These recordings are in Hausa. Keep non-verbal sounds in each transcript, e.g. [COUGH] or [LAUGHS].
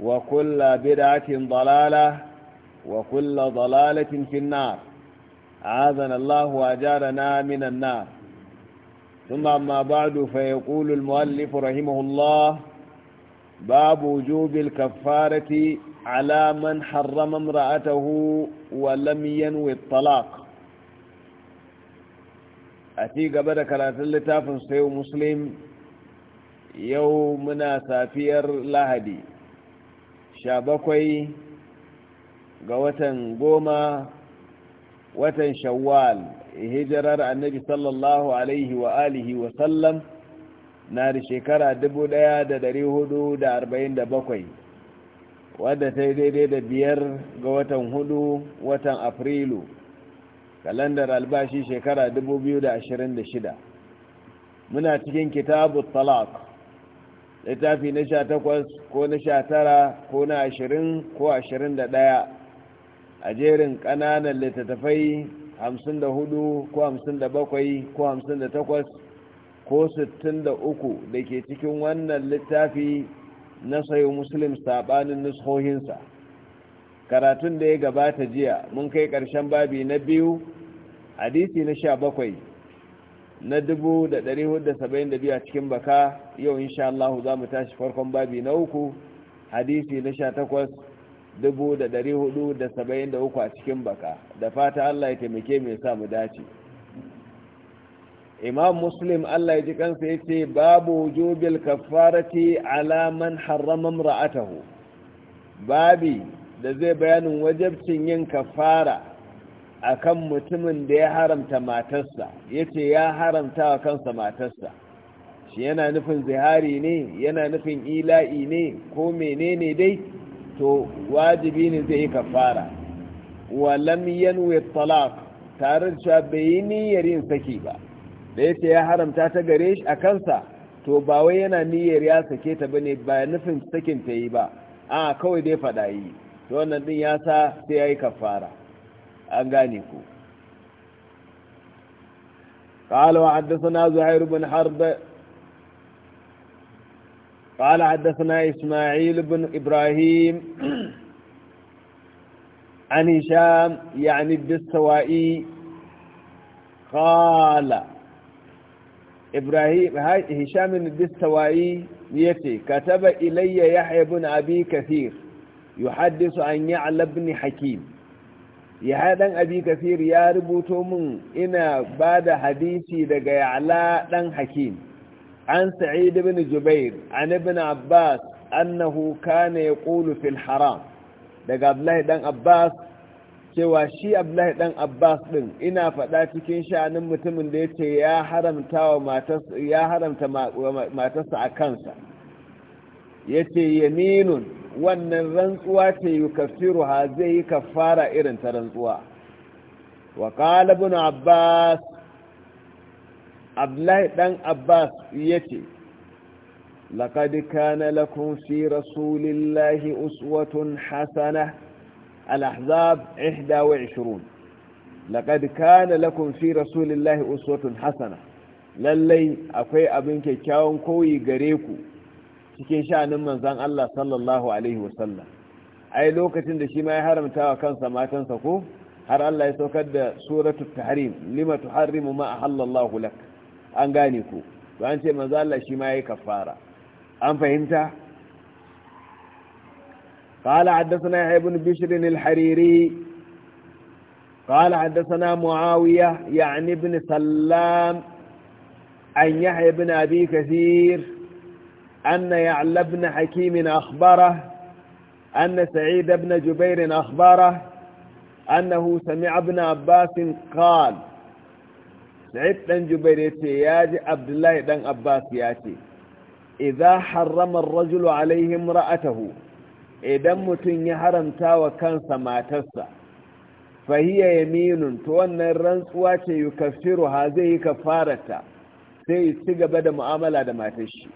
وكل بدعة ضلالة وكل ضلالة في النار عاذنا الله وأجارنا من النار ثم أما بعد فيقول المؤلف رحمه الله باب وجوب الكفارة على من حرم امرأته ولم ينوي الطلاق أتي قبل كرات اللتاف سيو مسلم يومنا سافير لهدي sha bakwai ga watan goma watan shawwal hijirar annabi sallallahu alaihi wa alihi wa sallam na da shekara bakwai wadda ta yi daidai da biyar ga watan hudu watan afrilu kalandar albashi shekara shida muna cikin kitabu talak littafi na sha takwas ko na sha tara ko na ashirin ko ashirin da ɗaya a jerin ƙananan littattafai hamsin da hudu ko hamsin da bakwai ko hamsin da takwas ko sittin da uku da ke cikin wannan littafi na sayo musulun saɓanin nushohinsa karatun da ya gabata jiya mun kai ƙarshen babi na biyu hadisi na sha bakwai na 1472 a cikin baka yau insha Allah za mu tashi farkon babi na uku hadisi na 18,473 a cikin baka da fata Allah ya taimake mai sa mu dace imam muslim Allah ya ji kansa ya ce babu jubil kafarati alaman harraman ra'atahu babi da zai bayanin wajabcin yin kafara akan mutumin da ya haramta matarsa yace ya haramta wa kansa matarsa shi yana nufin zihari ne yana nufin ila'i ne ko menene dai to wajibi ne zai yi kafara wa lam yanwi talaq tare da cewa bai yi niyyar yin saki ba da yace ya haramta ta gare shi a kansa to ba wai yana niyyar ya sake ta ba ne ba nufin sakin ta yi ba a kawai dai faɗa yi to wannan din ya sa sai ya yi kafara أغانيكو قال وحدثنا زهير بن حرب قال حدثنا إسماعيل بن إبراهيم [CLEARS THROAT] عن هشام يعني الدستوائي قال إبراهيم هشام الدستوائي يتي كتب إلي يحيى بن أبي كثير يحدث عن يعلى بن حكيم ya dan abi kafir ya rubuto mun ina ba da hadisi daga ya'la dan hakim an sa'id ibn jubair an ibn abbas annahu kana yaqulu fil haram daga abdullahi dan abbas cewa shi abdullahi dan abbas din ina faɗa cikin sha'anin mutumin da yace ya haramta wa matarsa ya haramta matarsa a kansa yace yaminun wannan rantsuwa ta yi ce yukaffiruha zai yi kaffara irin ta rantsuwa wa qala abbas abdullahi dan abbas ya ce. laqad kana lakun fi rasulillahi uswatun hasanah al-ahzab 21 laqad kana lakun fi rasulillahi uswatun hasanah lallai akwai abin kyakkyawan koyi gare ku cikin sha'anin manzan Allah sallallahu alaihi wasallam ai lokacin da shi ma ya haramta wa kansa matansa ko har Allah ya saukar da suratul tahrim lima tuharrimu ma ahallallahu lak an gane ku to an ce manzo Allah shi ma yayi kafara an fahimta قال حدثنا يحيى بن بشر الحريري قال حدثنا معاوية يعني ابن سلام عن يحيى بن أبي كثير أن يعلى بن حكيم أخباره أن سعيد بن جبير أخباره أنه سمع ابن عباس قال سعيد بن جبير ياتي عبد الله بن عباس ياتي إذا حرم الرجل عليه امرأته إذا متن يحرمتا وكان ماتسا فهي يمين توانا الرنسوات يكفرها زي كفارتا سيستقب دم عملا دماتشي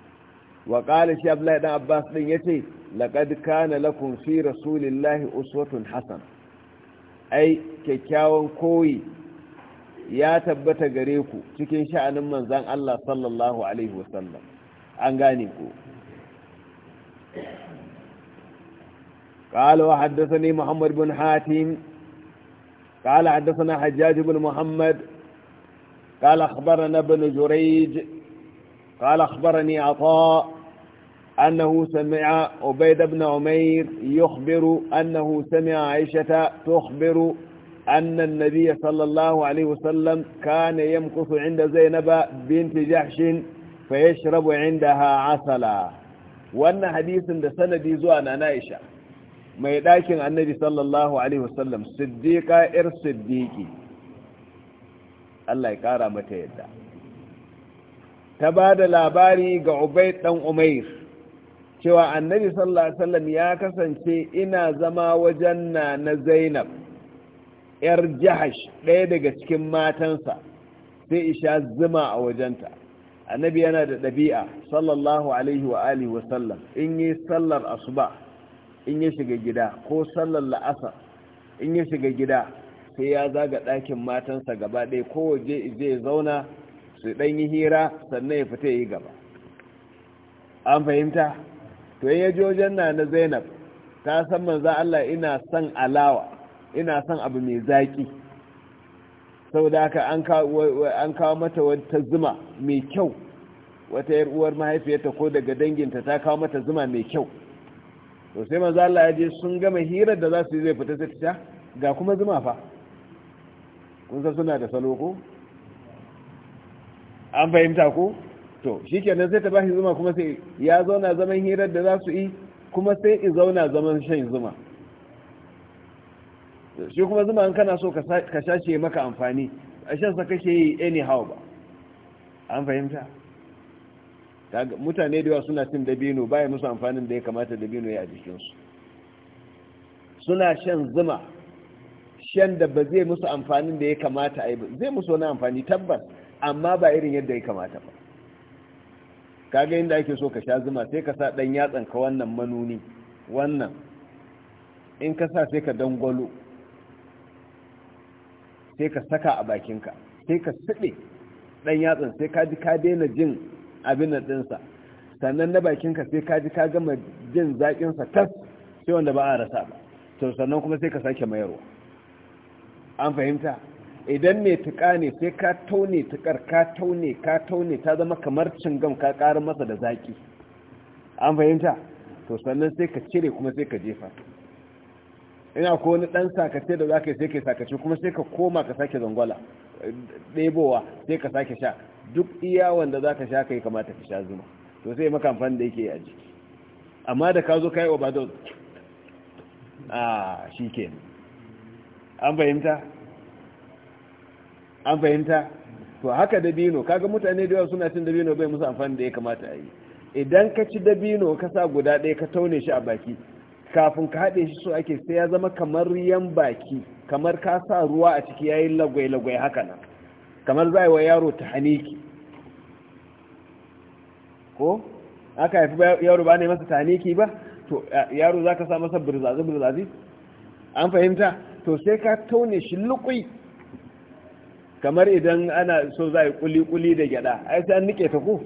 wa qala shi abdullahi dan abbas din yace laqad kana lakum fi rasulillahi uswatun hasan ai kyakkyawan koyi ya tabbata gare ku cikin sha'anin manzan Allah sallallahu alaihi wasallam an gane ku قال وحدثني محمد بن حاتم قال حدثنا حجاج بن محمد قال أخبرنا بن جريج قال أخبرني عطاء أنه سمع عبيد بن عمير يخبر أنه سمع عيشة تخبر أن النبي صلى الله عليه وسلم كان يمكث عند زينب بنت جحش فيشرب عندها عسلا وأن حديث ده سندي زوان عائشة ما يداكن النبي صلى الله عليه وسلم صديقة إر صديقي الله يكارا متى يدى تبادل لاباري قعبيت بن أمير cewa annabi sallallahu alaihi wasallam ya kasance ina zama wajen na na zainab yar jahash ɗaya daga cikin matansa sai isha zuma a wajenta annabi yana da ɗabi'a sallallahu alaihi wa alihi wasallam in yi sallar asuba in ya shiga gida ko sallar la'asar in ya shiga gida sai ya zaga ɗakin matansa gaba ɗaya ko waje zai zauna su ɗan yi hira sannan ya fita yi gaba an fahimta to ya je wajen na zainab ta san manzan allah ina son alawa ina son abu mai zaƙi saboda haka an kawo mata wata zuma mai kyau wata yar'uwar mahaifiyarta ko daga danginta ta kawo mata zuma mai kyau to sai manzan Allah ya je sun gama hirar da za su yi zai fita sai ta ga kuma zuma fa kun san suna da salo an fahimta ko to shi kenan sai ta bashi zuma kuma sai ya zauna zaman hirar da za su yi kuma sai in zauna zaman shan zuma shi kuma zuma in kana so ka shashe maka amfani a shansa kake yi anyhow ba an fahimta mutane da yawa suna cin dabino baya musu amfanin da ya kamata dabino ya a jikinsu suna shan zuma shan da ba zai musu amfanin da ya kamata a yi zai musu wani amfani tabbas amma ba irin yadda ya kamata ba kaga inda ake so ka sha zuma sai ka sa dan yatsan ka wannan manuni wannan in ka sa sai ka dangwalo sai ka saka a bakinka sai ka siɗe dan yatsan sai ka ji ka daina jin abin da dinsa sannan na bakinka sai ka ji ka gama jin zaƙinsa tas sai wanda ba a rasa ba to sannan kuma sai ka sake mayarwa an fahimta idan mai tuka ne sai ka taune tukar ka taune ka taune ta zama kamar cingam ka ƙara masa da zaƙi an fahimta to sannan sai ka cire kuma sai ka jefa ina ko wani ɗan sakace da za sai ka sakace kuma sai ka koma ka sake zangwala ɗebowa sai ka sake sha duk iya wanda za ka sha ka yi kamata ka sha zuma to sai maka amfani da yake a jiki amma da ka zo ka yi obadon a ah, shi ke an fahimta an fahimta to haka dabino kaga mutane da yawa suna cin dabino bai musu amfani da ya kamata a yi idan ka ci dabino ka sa guda ɗaya ka taune shi a baki kafin ka haɗe shi so ake sai ya zama kamar yan baki kamar ka sa ruwa a ciki yayin lagwai-lagwai haka nan kamar za a yi wa yaro ta haniki ko aka haifi yaro ba ne masa ta haniki ba to yaro za ka sa masa birzazi-birzazi an fahimta to sai ka taune shi lukui kamar idan ana so za a yi kuli-kuli da gyada ai sai an nike ta ku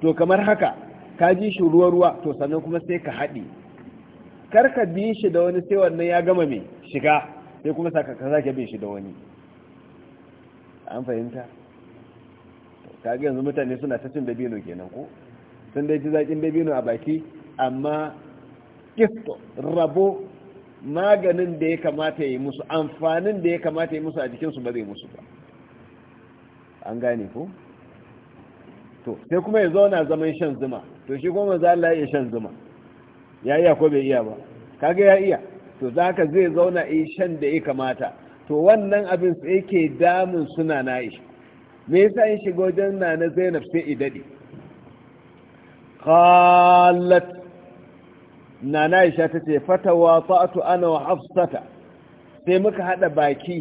to kamar haka ka ji shi ruwa-ruwa to sannan kuma sai ka haɗi karka bi shi da wani sai wannan ya gama mai shiga sai kuma saka ka sake bin shi da wani an fahimta ga yanzu mutane suna ta cin dabino kenan ko sun dai ji zaƙin dabino a baki amma kisto rabo maganin da ya kamata ya yi musu amfanin da ya kamata ya yi musu a jikinsu ba zai musu ba an gane ko to sai kuma ya zauna zaman shan zuma to shi kuma za Allah ya shan zuma ya iya ko bai iya ba kaga ya iya to zaka zai zauna yi shan da ya kamata to wannan abin sai yake damun suna na me yasa in shiga wajen na Zainab sai i dade qalat na na isha tace fatawa ta'atu ana wa hafsata sai muka hada baki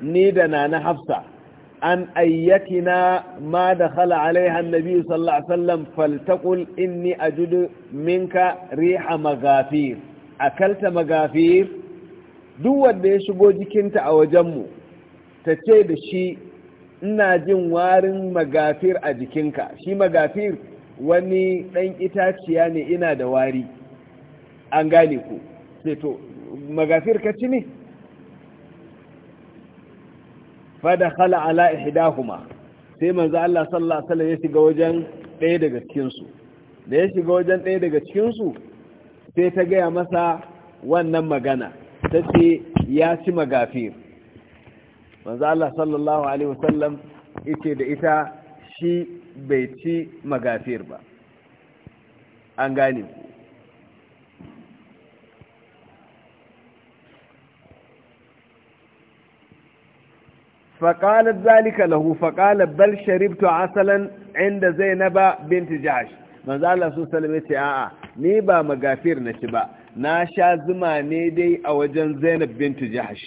ni da nana hafsa an ayyatina ma da khala alaiha nabi sallallahu alaihi wasallam faltaqul inni ajudu minka riha magafir akalta magafir duk wanda ya shigo jikinta a wajenmu ta ce da shi ina jin warin magafir a jikinka shi magafir wani ɗan itaciya ne ina da wari an gane ku sai to magafir ka ci ne fada khala ala ihdahuma sai manzo Allah sallallahu alaihi wasallam ya shiga wajen ɗaya daga cikin su da ya shiga wajen ɗaya daga cikin su sai ta gaya masa wannan magana tace ya ci magafir manzo Allah sallallahu alaihi wasallam yace da ita shi bai ci magafir ba an gane ku faƙalar zalika lahu faƙalar bal sharibtu asalan inda zainaba binti jahash manzo Allah su ce a'a ni ba magafir na ci ba na sha zuma ne dai a wajen zainab binti jahash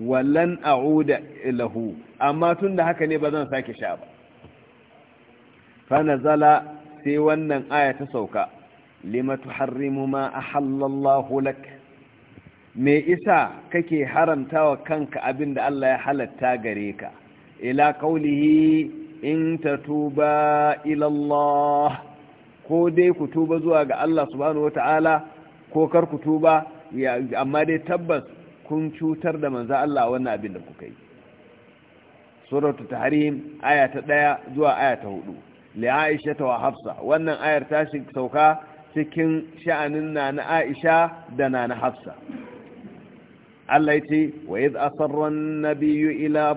wallan a'uda lahu amma tun da haka ne ba zan sake sha ba fa sai wannan aya ta sauka lima tuharrimu ma ahallallahu lak me isa kake haramta wa kanka abin da Allah ya halatta gare ka ila qaulihi in tatuba ila Allah ko dai ku tuba zuwa ga Allah subhanahu wata'ala ko kar ku tuba amma dai tabbas kun cutar da manza Allah wannan abin da kuka yi suratu tahrim aya ta 1 zuwa aya ta 4 li Aisha wa Hafsa wannan ayar ta sauka cikin sha'anin nana Aisha da nana Hafsa Allah ya ce wa yi na biyu ila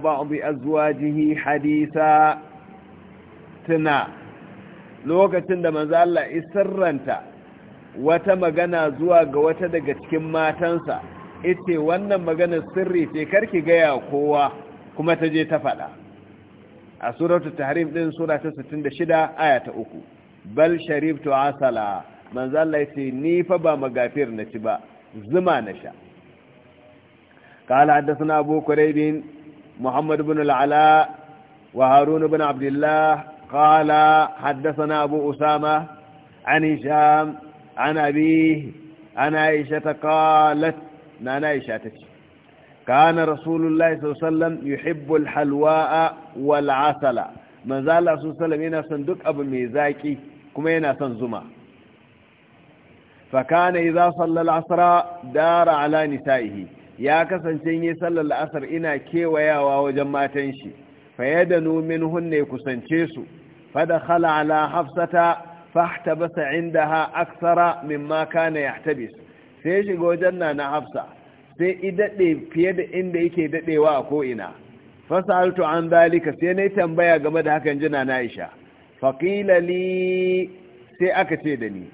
zuwa jihi hadisa tuna lokacin da manzo Allah isarranta wata magana zuwa ga wata daga cikin matansa ita wannan magana sirri ce karki gaya kowa kuma ta je ta faɗa a suratul tahrim din sura ta 66 aya ta uku bal sharibtu asala manzo Allah ya ce ni fa ba magafir na ci ba zuma na sha قال حدثنا أبو كريب محمد بن العلاء وهارون بن عبد الله قال حدثنا أبو أسامة عن هشام عن أبيه عن عائشة قالت عن عائشة كان رسول الله صلى الله عليه وسلم يحب الحلواء والعسل من ذا الله صلى الله عليه وسلم ينا صندوق أبو ميزاكي كما ينا صنزمه فكان إذا صلى العصر دار على نسائه ya kasance yi sallar la'asar ina kewayawa wajen matan shi da numin hunne kusance su fada khala ala hafsata fahtabasa indaha aksara mimma kana su sai shiga wajen na na hafsa sai i daɗe fiye da inda yake daɗewa a ko'ina Fasa fasaltu an dalika sai na yi tambaya game da hakan jina na isha faƙila li sai aka ce da ni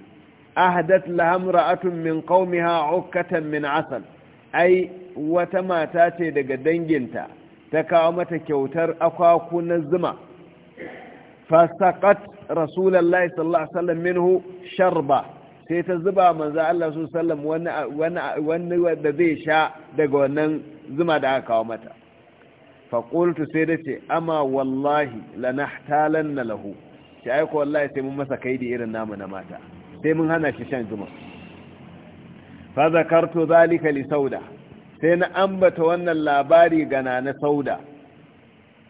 ahadat lahamra'atun min qaumiha ukkatan min asal ai wata mata ce daga danginta ta kawo mata kyautar akwaku na zuma fasakat rasulallah sallallahu alaihi wasallam minhu sharba sai ta zuba manzo Allah su sallam wani wani wanda zai sha daga wannan zuma da aka kawo mata fa qultu sai dace amma wallahi lanahtalanna lahu sai ai ko wallahi sai mun masa kaidi irin namu na mata sai mun hana shi shan zuma fa zakartu zalika li sauda sai na ambata wannan labari gana na sauda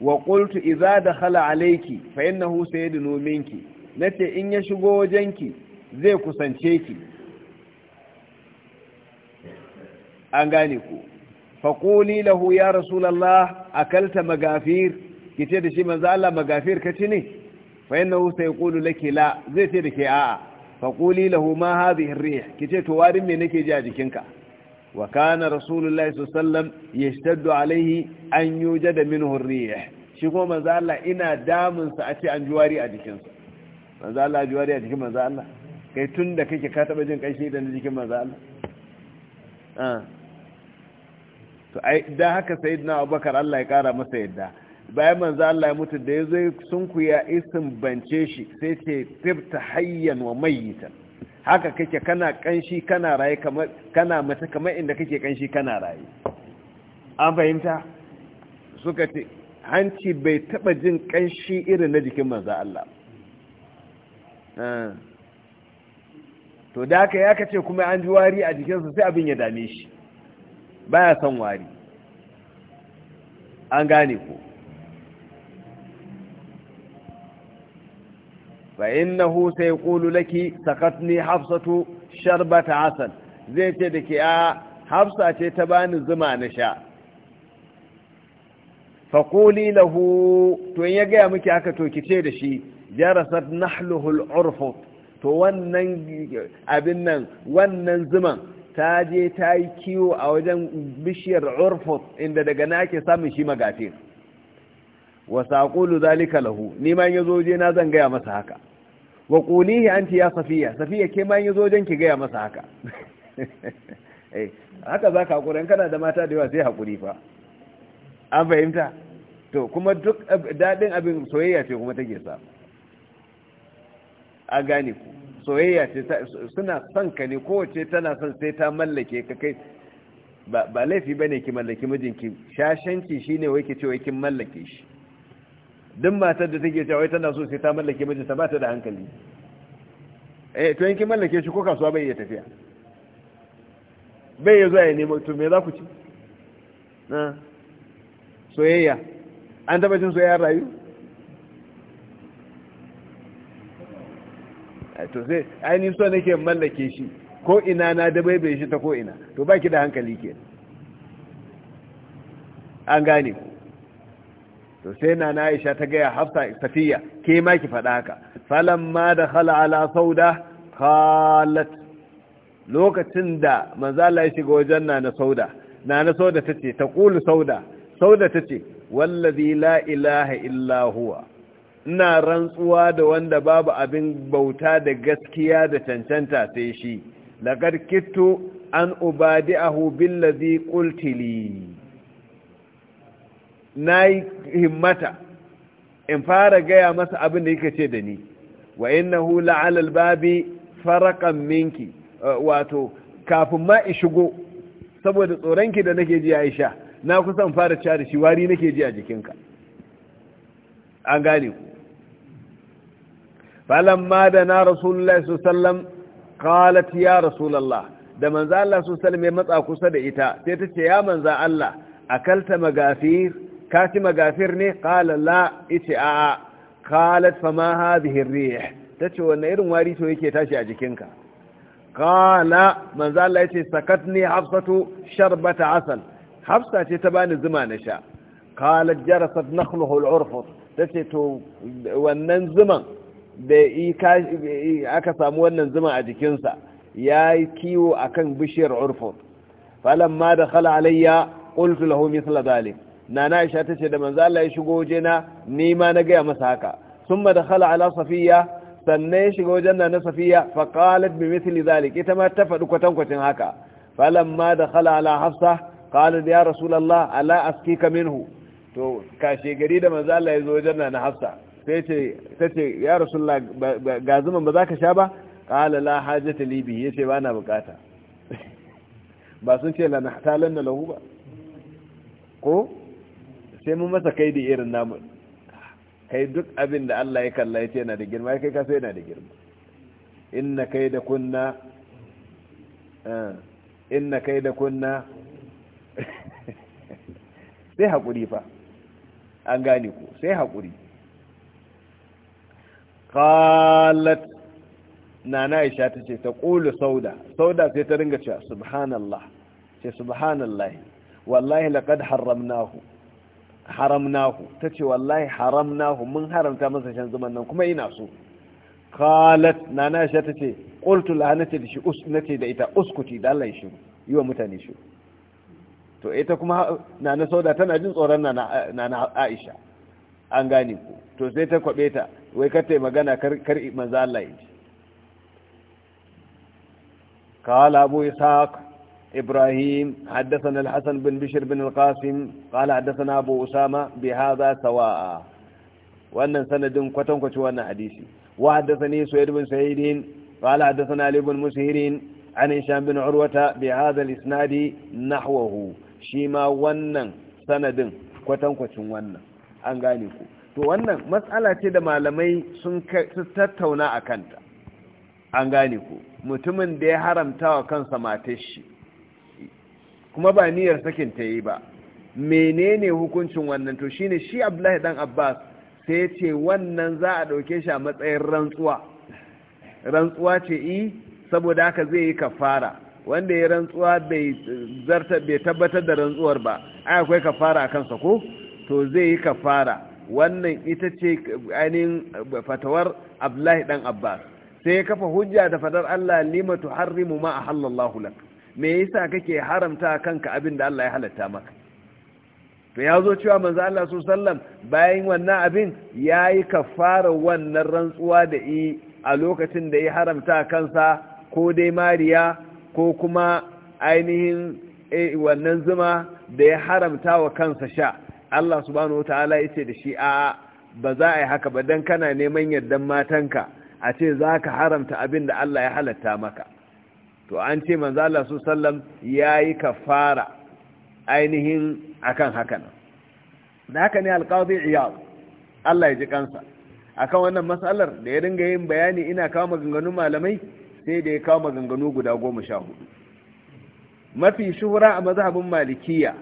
wa qultu idza dakhala alayki fa innahu sayadnu minki nace in ya shigo wajenki zai kusance ki an gane ku quli lahu ya rasulallah akalta magafir ki ce da shi manzo Allah magafir ka ne fa innahu sayqulu laki la zai ce da ke a'a faƙuli lahu ma haɗe riya ki ce to warin me nake ji a jikinka wa kana rasulullahi sallam ya shtaddu alaihi an yi jada min hurriya shi kuma manzo Allah ina damunsa a ce an juwari a jikinsa manzo Allah juwari a jikin manzo Allah kai tun da kake ka taɓa jin kanshi da na jikin manzo Allah ah. to ai da haka sayyidina abubakar Allah ya kara masa yadda bayan manzo Allah ya mutu da yazo sun kuya isin bance shi sai ce tibta hayyan wa mayyitan haka kake kana kanshi kana rayi kamar kana mace kamar inda kake kanshi kana rayi an fahimta suka ce hanci bai taba jin kanshi irin na jikin manzo Allah ah. to da haka ya kace kuma an ji wari a jikinsa sai abin ya dame shi baya son wari an gane ko فإنه سيقول لك سقطني حفصة شربة عسل زي تدك يا حفصة تبان الزمان شاء فقولي له توين يقيا مكي هكا كتير شي جرست نحله العرفط to wannan abin nan wannan zuman ta je yi kiwo a wajen bishiyar urfus inda daga na ake samun shi magafir wa saƙulu zalika lahu ni ma yazo je na zan gaya masa haka wa qulihi an ya safiya safiya ke ma yazo zojen ki gaya masa haka [LAUGHS] eh, haka za ka hakuri kana da mata da yawa sai haƙuri fa an fahimta to kuma duk daɗin abin soyayya ce kuma take sa a gane ku soyayya ce suna son ka ne kowace tana son sai ta mallake ka kai ba laifi ne ki mallaki mijinki shashanci ne wai ki ce wai kin mallake shi duk matar da take cewa tana so sai ta mallake mijinta ba ta da hankali eh to yankin mallake shi ko kasuwa bai iya tafiya bai ya zuwa ya nemo to me za ku ci na soyayya an taba jin soyayya rayu eh, to sai ainihin so nake mallake shi ko ina na da bai bai shi ta ko ina to baki da hankali ke an gane ku to sai na na aisha ta gaya hafsa safiya ke ma ki faɗa haka falamma da khala ala sauda qalat lokacin da Allah ya shiga wajen na na sauda na na sauda tace ta qulu sauda sauda tace wallazi la ilaha illa huwa ina rantsuwa da wanda babu abin bauta da gaskiya da cancanta sai shi laqad kittu an ubadi'ahu billazi qultili na yi himmata in fara gaya masa abin da yake ce da ni wa inna hula alal babi farakan minki uh, wato kafin ma in shigo saboda tsoronki da nake ji aisha na kusan fara cewa shi wari nake ji a jikinka an gane ku falamma da na rasulullahi sallam qalat ya rasulullah da manzo Allah su sallam ya matsa kusa da ita sai ta ce ya manzo Allah akalta magafir Kasima gafir ne qala la ita a qalat fama bihin ar ta ce wannan irin wari to yake tashi a jikinka qala Manza Allah yace sakatni hafsatu sharbata asal hafsa ce ta bani zuma na sha qalat jarasat nakhluhu al ta ce to wannan zuman da aka samu wannan zuma a jikinsa ya yi kiwo kan bishiyar ma da kala alayya qultu lahu mithla dhalik nana aisha ta ce da manzo Allah ya shigo wajena ni ma na gaya masa haka summa dakhala ala safiya sannan ya shiga wajen nana safiya fa qalat bi mithli zalik ita ma ta faɗi kwatankwacin haka falamma dakhala ala hafsa qalat ya rasulullah ala askika minhu to kashe gari da manzo Allah ya zo wajen nana hafsa sai ce ce ya rasulullah ga zuman ba za ka sha ba qala la hajata li bi yace ba na bukata [LAUGHS] ba sun ce la nahtalanna lahu ba ko sai mun masa kai da irin namu kai duk abin da Allah ya kalla ya ce yana da girma kai sai yana da girma inna kai da kunna eh, inna kai da kunna [LAUGHS] sai haƙuri fa an gane ku sai haƙuri qalat nana aisha ta ce ta ƙulu sauda sauda sai ta ringa cewa subhanallah ce subhanallah wallahi laqad harramnahu haramnahu ta ce wallahi haramnahu mun haramta masa shan zuman nan kuma ina so qalat nana sha ta ce qultu laha nace da shi us nace da ita uskuti da Allah ya shiru yi wa mutane shi to ita kuma nana sauda tana jin tsoron nana nana aisha an gane ku to sai ta kwabe ta wai kar tai magana kar kar manzo Allah ya ji qala abu ishaq إبراهيم حدثنا الحسن بن بشر بن القاسم قال حدثنا أبو أسامة بهذا سواء وأن سند كتن كتوان حديثي وحدثني سويد بن سعيد قال حدثنا علي بن مسهرين عن هشام بن عروة بهذا الإسناد نحوه شيما ونن سند كتن كتوان أنغانيكو to wannan matsala ce da malamai sun tattauna a kanta an gane ku mutumin da ya haramta wa kansa matashi kuma ba niyyar sakin ta yi ba menene hukuncin wannan to shine shi abdullahi dan abbas sai ce wannan za a ɗauke shi a matsayin rantsuwa rantsuwa ce i saboda haka zai yi kafara wanda ya rantsuwa bai tabbatar da rantsuwar ba ai akwai kafara a kansa ko to zai yi kafara wannan ita ce ainihin fatawar abdullahi dan abbas sai ya kafa hujja da fadar allah limatu harrimu ma ahallallahu lak me yasa kake haramta kanka abin da Allah ya halatta maka to ya zo cewa manzo Allah su sallam bayan wannan abin yayi kafara wannan rantsuwa da yi a lokacin da ya haramta kansa ko dai mariya ko kuma ainihin eh, wannan zuma da ya haramta wa kansa sha Allah subhanahu wataala yace da shi a ba za a yi haka ba dan kana neman yardan matanka a ce za ka haramta abin da Allah ya halatta maka to an ce manzo Allah su sallam yayi kafara ainihin akan hakan da haka ne alqadi iyad Allah ya ji kansa akan wannan matsalar da ya dinga yin bayani ina kawo maganganun malamai sai da ya kawo maganganu guda goma sha mafi shuhura a mazhabin malikiya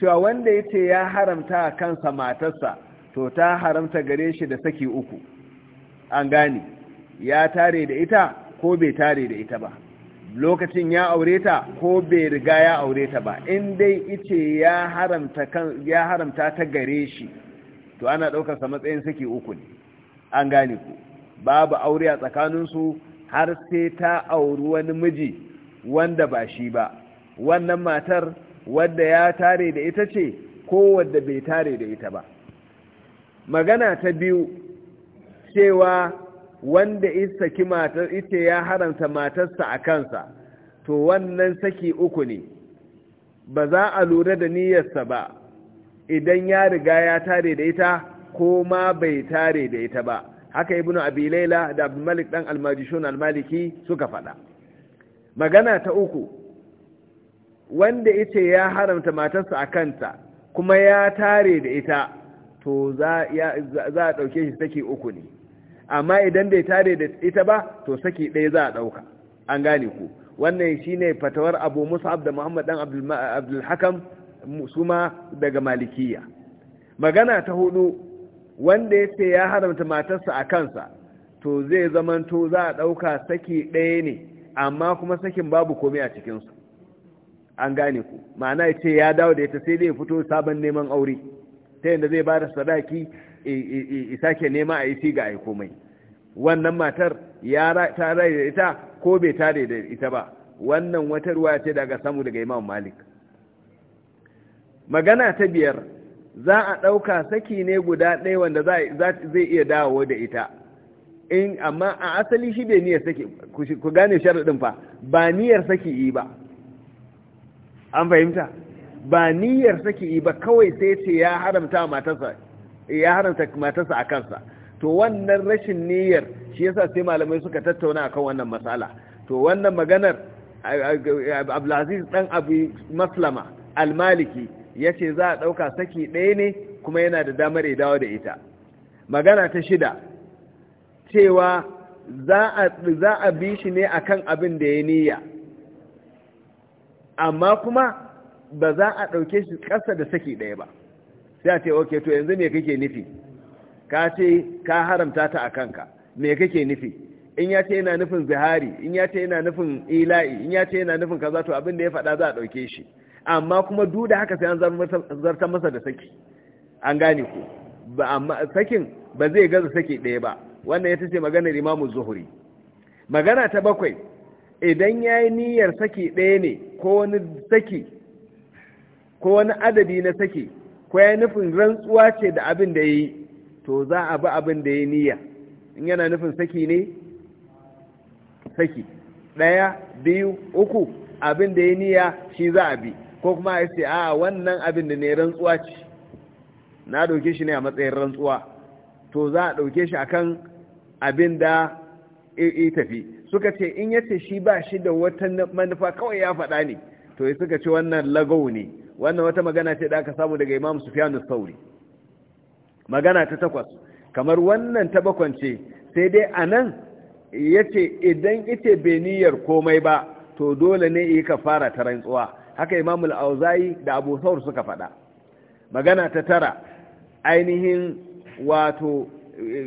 cewa wanda ya ce ya haramta kansa matarsa to ta haramta gare shi da saki uku an gane ya tare da ita ko bai tare da ita ba lokacin ya aure ta ko bai riga ya aure ta ba in dai ice ya haramta ta gare shi to ana ɗaukarsa matsayin saki uku ne an gane ku babu aure a tsakaninsu har sai ta auri wani miji wanda ba shi ba wannan matar wadda ya tare da ita ce ko wadda bai tare da ita ba magana ta biyu cewa wanda isaki matar ita ya haramta matarsa a kansa to wannan saki uku ne ba za a lura da niyyarsa ba idan ya riga ya tare da ita ko ma bai tare da ita ba haka ibnu abi laila da malik dan almajishun almaliki suka fada. magana ta uku wanda ita ya haramta matarsa a kanta kuma ya tare da ita to za a ɗauke shi saki uku ne amma idan da tare da ita ba to saki ɗaya za a ɗauka an gane ku wannan shine fatawar abu musab da muhammad dan abdulhakam su ma daga malikiya magana ta hudu wanda ya ce ya haramta matarsa a kansa to zai zamanto za a ɗauka saki ɗaya ne amma kuma sakin babu komai a cikinsu an gane ku ma'ana ya ce ya dawo da ita sai dai ya fito sabon neman aure ta yadda zai ba da sadaki isake nema a yi siga a yi komai wannan matar ya ta da ita ko bai tare da ita ba wannan wata ruwa ce daga samu daga imam malik magana ta biyar za a ɗauka saki ne guda ɗaya wanda zai iya dawo da ita in amma a asali shi bai niyyar saki ku gane sharaɗin fa ba niyyar saki yi ba an fahimta ba niyyar saki yi ba kawai sai ce ya haramta matarsa a kansa to wannan rashin niyyar shi yasa sai malamai suka tattauna akan wannan matsala to wannan maganar abdulaziz dan abu maslama almaliki ya ce za a ɗauka saki ɗaya ne kuma yana da damar ya dawo da ita magana ta shida cewa za a bi shi ne akan abin da ya niyya amma kuma ba za a ɗauke shi ƙasa da saki ɗaya ba sai a ce ok to yanzu me kake nufi ka ce ka haramta ta a kanka me kake nufi in ya ce yana nufin zihari in ya ce yana nufin ila'i in ya ce yana nufin kaza to abin da ya faɗa za a ɗauke shi amma kuma duk da haka sai an zartar masa da saki an gane ku ba amma sakin ba zai gaza saki ɗaya ba wannan ya ce maganar imamu zuhuri magana ta bakwai idan ya yi niyyar saki ɗaya ne ko wani saki ko wani adadi na saki ko ya nufin rantsuwa ce da abin da ya yi to za a bi abin da ya niyya in yana nufin saki ne saki ɗaya biyu uku abin da ya niyya shi za a bi ko kuma a ce a wannan abin da ne rantsuwa ce na ɗauke shi ne a matsayin rantsuwa to za a ɗauke shi akan abin da ya tafi suka ce in yace shi ba shi da wata manufa kawai ya faɗa ne to suka ce wannan lagau ne wannan wata magana ce da aka samu daga imam sufyanu sauri magana ta takwas kamar wannan ta bakwance sai dai a nan ya ce idan ita bai niyyar komai ba to dole ne yi ka fara ta rantsuwa haka imamul auza'i da abu saur suka fada magana ta tara ainihin wato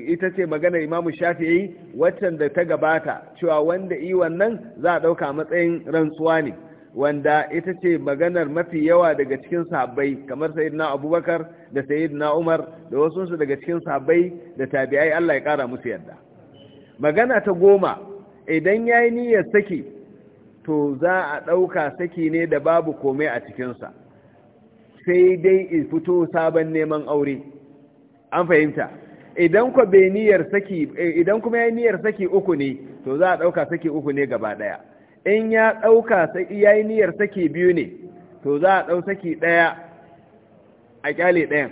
ita ce magana imamu shafi'i waccan da ta gabata cewa wanda yi wannan za a ɗauka matsayin rantsuwa ne wanda ita ce maganar mafi yawa daga cikin sahabbai kamar sayyidina abubakar da sayyidina umar da wasunsu daga cikin sahabbai da tabi'ai allah ya kara musu yadda magana ta goma idan ya yi niyyar saki to za a ɗauka saki ne da babu komai a cikinsa sai dai in fito sabon neman aure an fahimta idan kuma ya niyyar saki uku ne to za a ɗauka saki uku ne gaba ɗaya in ya ɗauka sai yi niyyar saki biyu ne to za a ɗau saki ɗaya a kyale ɗayan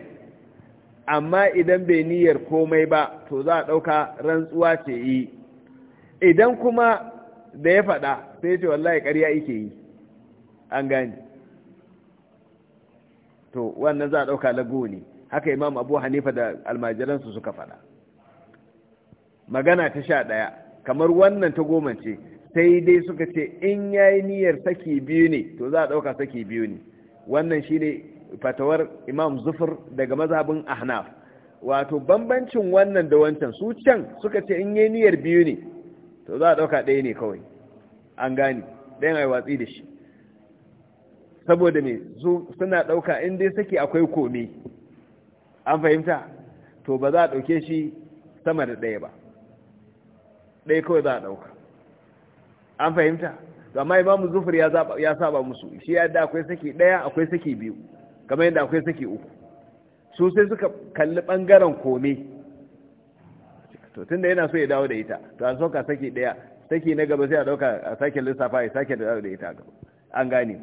amma idan bai niyyar komai ba to za a ɗauka rantsuwa ce yi idan kuma da ya faɗa sai ce wallahi ƙarya yake yi an gane to wannan za a ɗauka lago ne haka imam abu hanifa da almajiransu suka faɗa magana ta sha ɗaya kamar wannan ta goma ce sai dai suka ce in ya yi niyyar saki biyu ne to za a ɗauka saki biyu ne wannan shi ne fatawar imam zufur daga mazhabin ahnaf wato bambancin wannan da wancan su can suka ce in yi niyyar biyu ne to za a ɗauka ɗaya ne kawai an gani ɗayan ai watsi da shi saboda me suna ɗauka in dai saki akwai komi an fahimta to ba za a ɗauke shi sama da ɗaya ba ɗaya kawai za a ɗauka an fahimta amma imamu zufur ya saba musu shi ya da akwai saki daya akwai saki biyu kamar yadda akwai saki uku su sai suka kalli bangaren kome to tun da yana so ya dawo da ita to an sauka saki daya saki na gaba sai a dauka a sake lissafa ya sake dawo da ita gaba an gane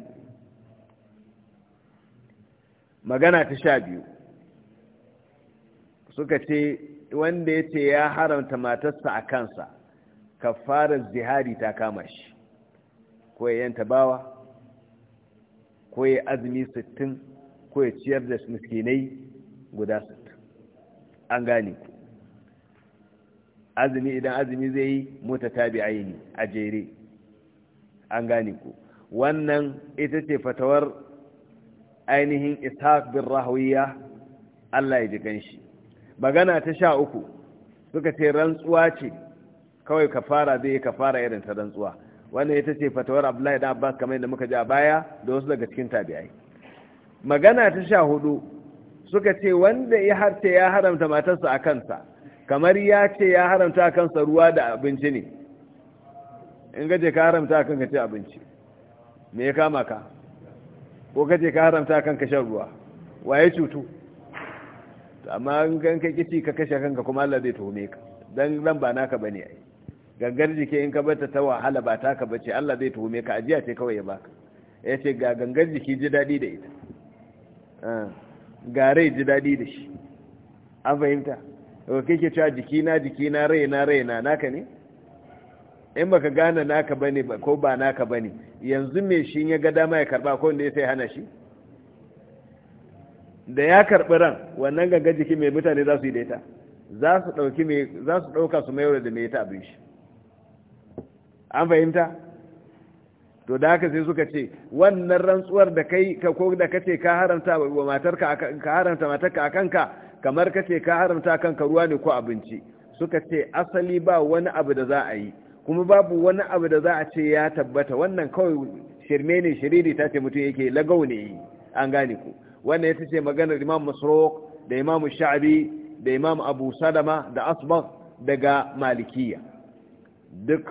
magana ta sha biyu suka ce wanda ya ce ya haramta matarsa a kansa kafarar zihari ta kama shi ko ya yanta bawa ko ya azumi sittin ko ya ciyar da miskinai guda sittin an gane ku azumi idan azumi zai yi mota tabi aini a jere an gane ku wannan ita ce fatawar ainihin ishaq bin rahawiya allah ya ji ganshi magana ta sha uku suka ce rantsuwa ce kawai ka fara zai ka fara irin ta rantsuwa wannan ita ce fatawar abdullahi da abbas kamar yadda muka ji a baya da wasu daga cikin tabi'ai magana ta sha hudu suka ce wanda ya harce ya haramta matarsa a kansa kamar ya ce ya haramta a kansa ruwa da abinci ne in gaje ka haramta a kanka ce abinci me ya kama ka ko gaje ka haramta a kanka shan ruwa waye cutu amma in kai ka kici ka kashe kanka kuma Allah zai tuhume ka dan ran ba naka bane ai gangar jiki in ka bata ta wahala ba taka bace Allah zai tuhume ka ajiya ce kawai ya baka yace ga gangar jiki ji dadi da ita ah, ga rai ji dadi da shi an fahimta to kike cewa jiki na jiki na rai na rai na naka ne in baka gane naka bane ko ba naka bane yanzu me shi ya ga dama ya karba ko wanda ya sai hana shi da ya karɓi ran wannan gangan jiki mai mutane za su yi da ita za su ɗauka su mayar da mai ta abin shi an fahimta to da haka sai suka ce wannan rantsuwar da kai ka ko da ka ce ka haramta wa matarka ka haramta matarka kanka kamar ce ka haramta kanka ruwa ne ko abinci suka ce asali ba wani abu da za a yi kuma babu wani abu da za a ce ya tabbata wannan kawai shirme ne shiriri ta ce mutum yake lagau ne an gane ku wannan ita ce maganar imam masruq da imam sha'abi da imam abu sadama da asbar daga malikiya duk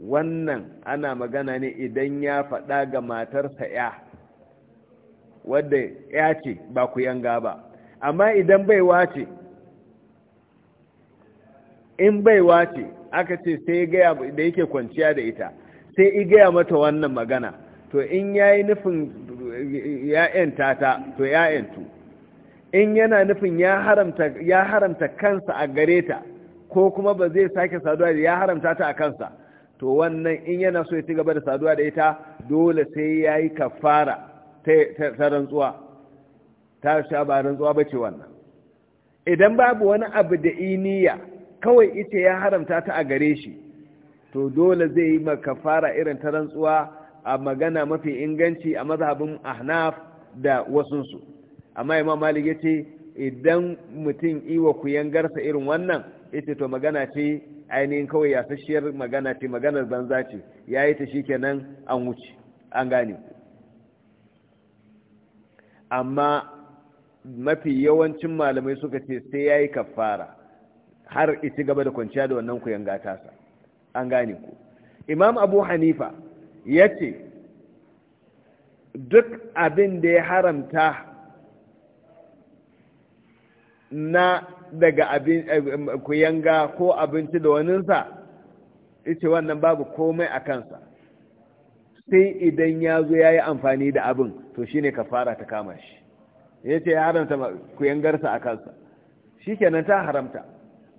wannan ana magana ne idan ya faɗa ga matarsa ya wadda ya ce ba ku yanga ba amma idan bai wace in bai wace aka ce sai gaya da yake kwanciya da ita sai i gaya mata wannan magana to in ya yi nufin ya'yanta ta to ya'yantu in yana nufin ya haramta kansa a gare ta ko kuma ba zai sake saduwa da ya haramta ta a kansa to wannan in yana so ya ci gaba da saduwa da ita dole sai ya yi kafara ta rantsuwa ta sha ba rantsuwa ba ce wannan idan babu wani abu da iniya kawai ita ya haramta ta a gare shi to dole zai yi makafara irin ta rantsuwa a magana mafi inganci a mazhabin ahnaf da wasunsu amma imam malik ya idan mutum iwa ku yangarsa irin wannan yace to magana ce ainihin kawai yasasshiyar magana ce maganar banza ce ya yi ta shikenan an wuce an gane amma mafi yawancin malamai suka ce sai ya yi kafara har ita gaba da kwanciya da wannan ku yanga tasa an gane ku imam abu hanifa ya ce duk abin da ya haramta na daga abin eh, kuyanga ko abinci da waninsa ita wannan babu komai a kansa sai idan ya zo ya yi amfani da abin to shi ne kafara ta kama shi ya ce ya haramta kuyangarsa a kansa shi kenan ta haramta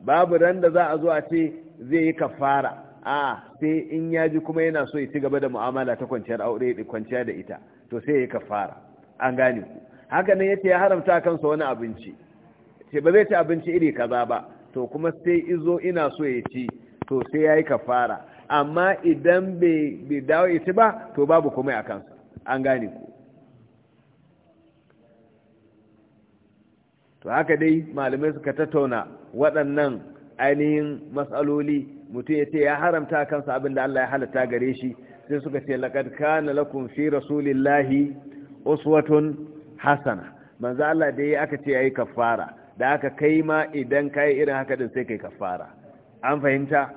babu ran da za a zo a ce zai yi kafara a sai in ya ji kuma yana so ya ci gaba da mu'amala ta kwanciyar aure da kwanciya da ita to sai ya kafara an gane ku haka nan yace ya haramta kansa wani abinci sai ba zai ci abinci iri kaza ba to kuma sai izo ina so ya ci to sai yayi kafara amma idan bai dawo ya ci ba to babu komai a kansa an gane ku to haka dai malamai suka tattauna waɗannan ainihin matsaloli mutum ya ce ya haramta kansa abin da Allah ya halatta gare shi sai suka ce laqad kana lakum fi rasulillahi uswatun hasana manzo Allah dai aka ce yayi kaffara da aka kai ma idan kai irin haka din sai kai kaffara an fahimta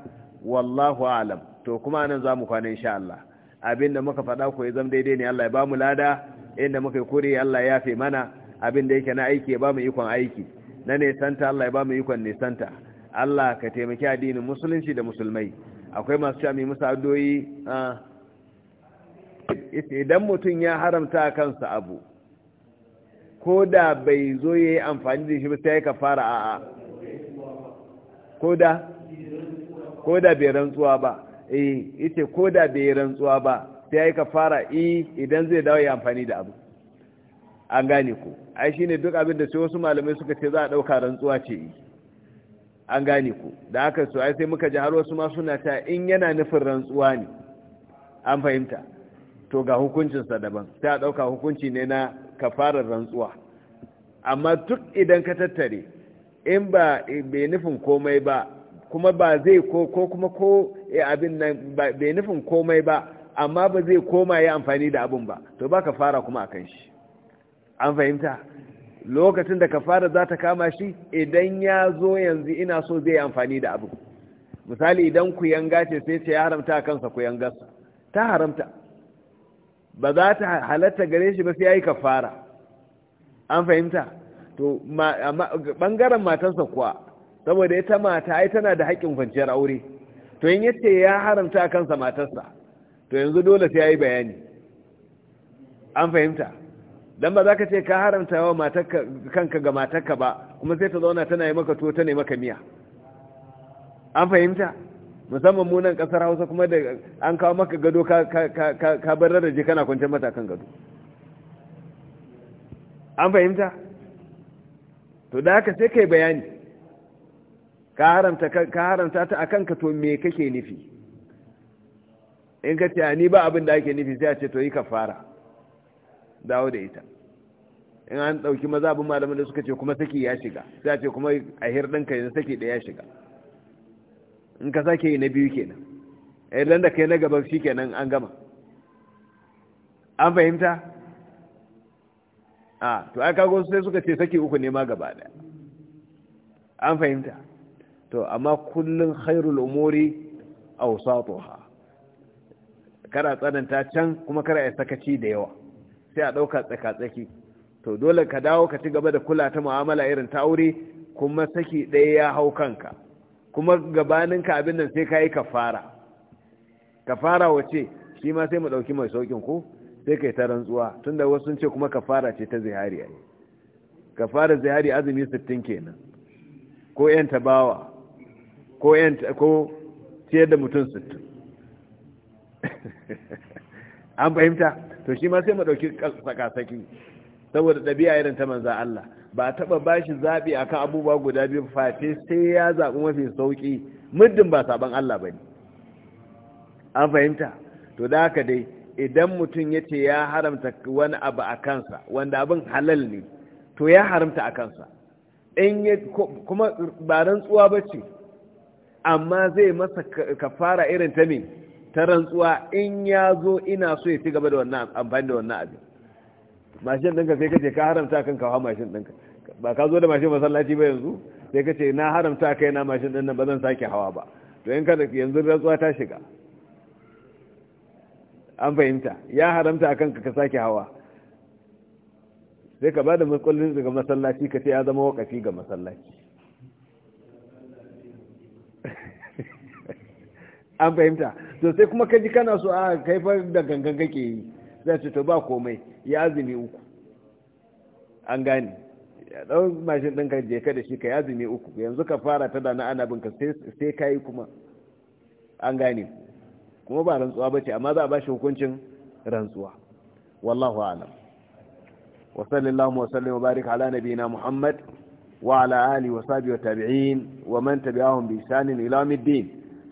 wallahu alam to kuma nan zamu kwana insha Allah abinda muka faɗa ko ya zama daidai ne Allah ya bamu lada inda muka kure Allah ya fi mana abinda yake na aiki ya bamu ikon aiki na ne santa Allah ya bamu ikon ne santa Allah ka taimaki addinin musulunci da musulmai akwai masu cewa mai musu addoyi ah, idan mutum ya haramta kansa abu ko da bai zo ya yi amfani da shi ba sai ka fara a'a ko da ko da bai rantsuwa ba eh ita ko da bai rantsuwa ba sai ka fara i idan zai dawo ya amfani da abu an gane ku ai shine duk abin da sai wasu malamai suka ce za a dauka rantsuwa ce an gane ku da aka so ai sai muka ji har wasu ma suna ta in yana nufin rantsuwa ne an fahimta to ga hukuncinsa daban sai a ɗauka hukunci ne na kafarar rantsuwa amma duk idan ka tattare in ba bai nufin komai ba kuma ba zai ko ko kuma ko eh, abin nan bai nufin komai ba amma ba zai koma ya amfani da abin ba to ba ka fara kuma akan shi an fahimta lokacin da ka fara za ta kama shi idan ya zo yanzu ina so zai yi amfani da abu misali idan ku yanga ce sai ce ya haramta a kansa ku yangarsa ta haramta ba za ta halatta gare shi ba sai ya yi kafara an fahimta to ɓangaren matansa kuwa saboda ita mata ai tana da haƙƙin kwanciyar aure to in yace ya haramta a kansa matarsa to yanzu dole sai ya yi bayani an fahimta dan ba za ka ce ka haramta wa matarka kanka ga matarka ba kuma sai ta zauna tana yi maka tuwo ta yi maka miya an fahimta musamman munan kasar hausa kuma da an kawo maka gado ka bar rarraje kana kwanciyar mata kan gado an fahimta to da haka sai kai bayani ka haramta ta a kanka to me kake nufi in ka ce ni ba abin da ake nufi sai a ce to yi ka fara dawo da ita in an ɗauki mazabin malamin da suka ce kuma saki ya shiga sai ce kuma a hirɗinka yanzu saki da ya shiga in ka sake yi na biyu kenan a eh, idan da kai na gaban shi kenan an gama an fahimta a to aka kago sai suka ce saki uku ne ma gaba ɗaya an fahimta to amma kullum khairul umuri wasu kara tsananta can kuma kara ya sakaci da yawa sai a ɗauka tsakatsaki to dole ka dawo ka ci gaba da kula ta mu'amala irin ta aure kuma saki ɗaya ya hau kanka kuma gabaninka abin nan sai ka yi kafara kafara wace shi ma sai mu ɗauki mai saukin ku sai ka yi ta rantsuwa tun da wasu sun ce kuma kafara ce ta zihari ai kafara zihari azumi sittin kenan ko yan tabawa ko yan ko ciyar da mutum sittin [LAUGHS] an fahimta to shi ma sai mu ɗauki sakasaki saboda ɗabi'a irin ta manza Allah ba a taɓa ba zaɓi a abubuwa guda biyu face sai ya zaɓi mafi sauki muddin ba saban Allah ba ne an fahimta to da haka dai idan mutum ya ce ya haramta wani abu a kansa wanda abin halal ne to ya haramta a kansa in kuma ba rantsuwa ba ce amma zai masa kafara irin ta ne ta rantsuwa in ya zo ina so ya ci gaba da wannan amfani da wannan abin mashin ɗinka sai kace ka haramta kan kawo mashin ɗinka ba ka zo da mashin masallaci ba yanzu sai kace na haramta kai na mashin ɗin nan ba zan sake hawa ba to in ka da yanzu rantsuwa ta shiga an fahimta ya haramta kanka ka sake hawa sai ka ba da makullin daga masallaci ka ce ya zama wakafi ga masallaci an fahimta to sai kuma kaji kana so a kaifar da gangan kake yi za ce to ba komai ya azumi uku an gane ya dau mashin din ka je ka da shi ka azumi uku yanzu ka fara ta da ana bin ka sai kai kuma an gane kuma ba rantsuwa ba ce amma za a bashi hukuncin rantsuwa wallahu a'lam wa sallallahu wa sallam wa barik ala nabiyina muhammad wa ala alihi wa sahbihi wa tabi'in wa man tabi'ahum bi ihsan ila yawmiddin